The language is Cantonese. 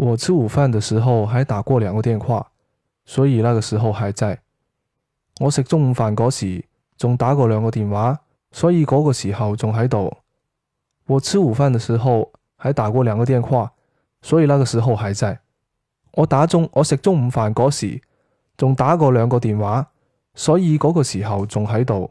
我吃午飯的時候還打過兩個電話，所以那個時候還在。我食中午飯嗰時仲打過兩個電話，所以嗰個時候仲喺度。我吃午飯的時候還打過兩個電話，所以那個時候還在。我打中我食中午飯嗰時仲打過兩個電話，所以嗰個時候仲喺度。